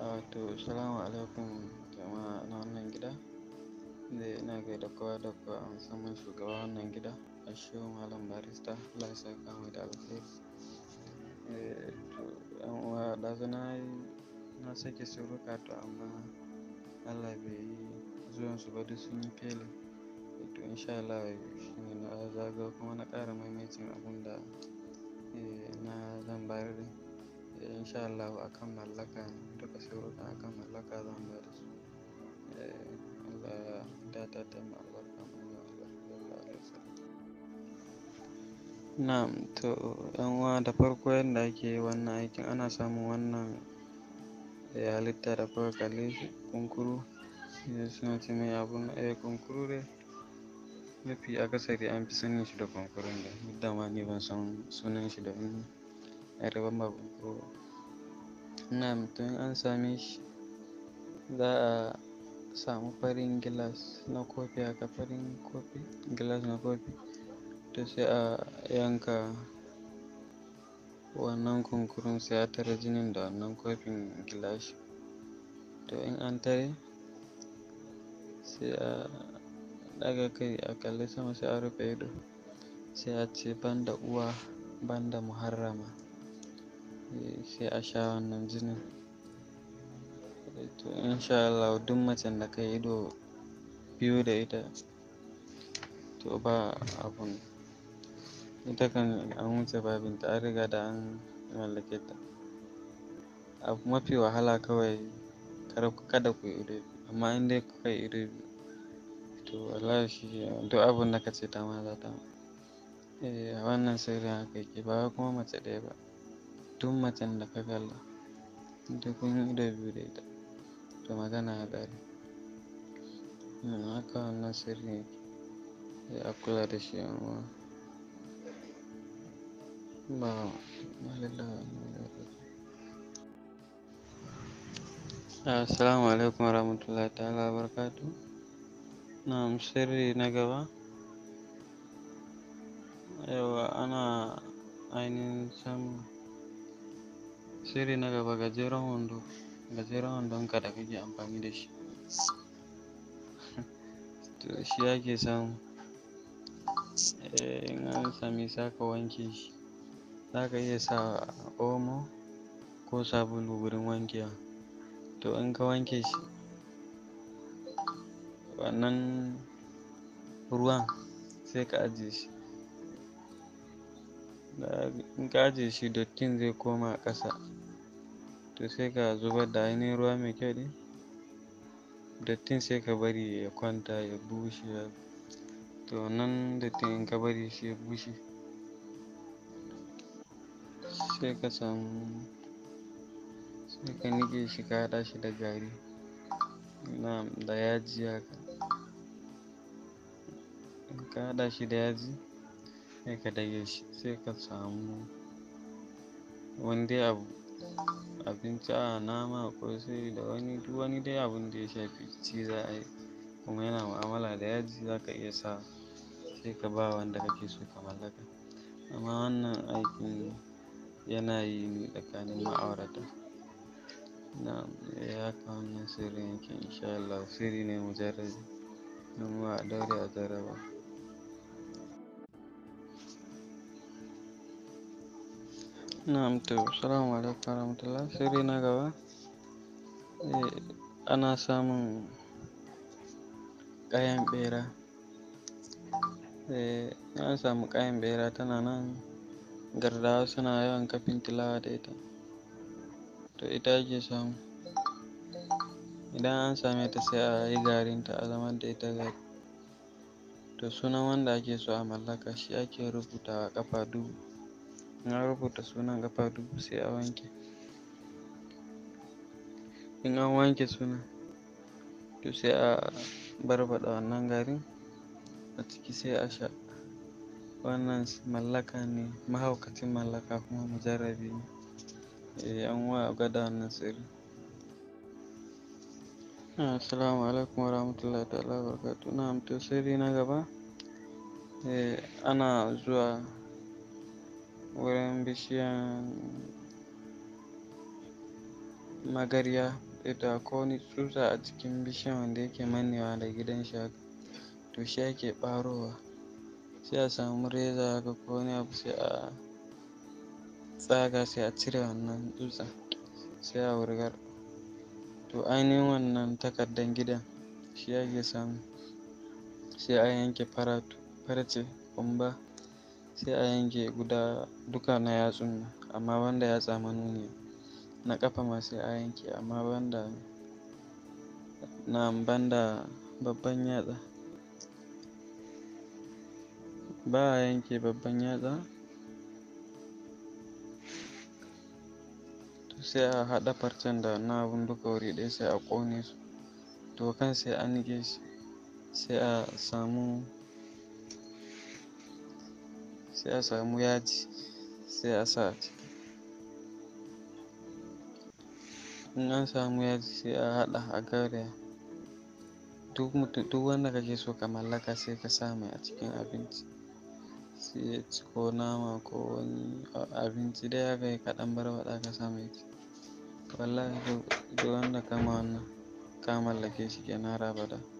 Wato, ah, salamu alaikum jama'a na wannan gida. Dai ina gaida kowa da kowa musamman shugaba wannan gida, Ashiru Malam Barista, Allah ya da alkhairi. Eh, to, na yi, na sake suruka to amma Allah bai yi su ba duk sun yi failing. Eh, to insha Allah shi ne na zagayo kuma na kara maimaicin abin da eh, na zan bayar insha Allah akan mallaka duka sharuɗɗan akan mallaka zan ba da su eh Allah ya datar da mu albarkan manzon Allah sallallahu alaihi na'am to yan uwa da farko yadda ake wannan aikin ana samun wannan eh, halitta da kuka kalle shi kunkuru suna ce mai abun eh kunkuru dai mafi akasari an fi sanin shi da kunkurun da duk da ma ni ban san sunan shi da wani rabon babur na'am tun an same shi za a samu farin gilas na kofi aka farin kofi gilas na kofi to sai a yanka wannan kunkurun sai a tare jinin da wannan kofin gilashi to in an tare sai a ɗaga kai a kalli sama sai a rufe ido sai a ce banda uwa banda muharrama sai a sha wannan jinin to insha Allah duk macen da ka yi ido biyu da ita to ba abun ita kan an wuce babinta ta riga da an mallake ta abu mafi wahala kawai kada ku yi ido amma in dai kuka yi ido to wallahi shi duk abun da ka ce ta ma za ta eh wannan sirrin haka yake ba kuma mace ɗaya ba duk macen da ka kalla da kun yi biyu da ita to magana ya ƙare haka wannan sirri yake a kula da shi amma ba malala Assalamu alaikum warahmatullahi ta'ala barakatu na sirri na gaba yawa ana ainihin samun shiri na gaba gajeren wando, gajeren ka da kake amfani da shi. To shi ake samu. Eh, in an same shi aka wanke shi. Za ka iya sa omo ko sabulu wurin wankewa. To in ka wanke shi, wannan ruwan sai ka ajiye shi. In ka ajiye shi dattin zai koma ƙasa. to sai ka zubar da ainihin ruwa mai kyau ɗin dattin sai ka bari ya kwanta ya bushe to nan dattin in ka bari shi ya bushe sai ka samu sai ka niƙe shi ka haɗa shi da gari na da yaji haka in ka haɗa shi da yaji sai ka dage shi sai ka samu wani dai abu abinci a nama sai da wani duk wani dai abun da ya shafi ci za a yi kuma yana mu'amala da yaji za ka iya sa sai ka ba wanda kake so ka mallaka amma wannan aikin yana yi ne tsakanin ma'aurata na ya eh, haka wannan sirrin yake insha Allah sirri ne mujarrabi don ba a daure a jarraba Na'am salamu alaikum warahmatullah. na gaba eh, ana samun kayan ɓera. Eh, samu kayan ɓera tana nan gardawa suna yawan kafin tilawa da ita. To ita ake samu. Idan an same ta sai a yi garinta a zamar da ita gari. To sunan wanda ake so a mallaka shi ake rubuta a ƙafa dubu. Na rubuta sunan ƙafa dubu sai a wanke. In an wanke sunan, to sai a barbaɗa wannan garin a ciki sai a sha. Wannan mallaka ne, mahaukacin mallaka kuma mujarrabi ne. Eh, an wa gwada wannan sirri. Assalamu alaikum warahmatullahi ta'ala barkatu Na amto sirri na gaba. Eh, ana zuwa wurin bishiyan magarya da ko wani tsutsa a cikin bishiyan wanda yake mannewa da gidan shi haka to shi ake ɓarowa sai a samu reza haka ko wani abu sai a tsaga sai a cire wannan tsutsa sai a wurgar to ainihin wannan takardan gidan shi ake samu sai a yanke faratu farce kwamba sai a yanke guda duka na yatsun nan amma banda yatsa nuni na ƙafa ma sai a yanke amma banda na'am banda babban yatsa ba a yanke babban yatsa to sai a haɗa farcen da na abun duka wuri ɗaya sai a ƙone su to kan sai a shi sai a samu sai a samu yaji sai a sa in an samu yaji sai a haɗa a gauraya duk wanda ka wanda kake so ka mallaka sai ka sa mai a cikin abinci sai ya ci ko nama ko wani abinci dai haka ya kaɗan barbaɗa ka sa mai ci wallahi duk wanda ka mallake shi kenan har abada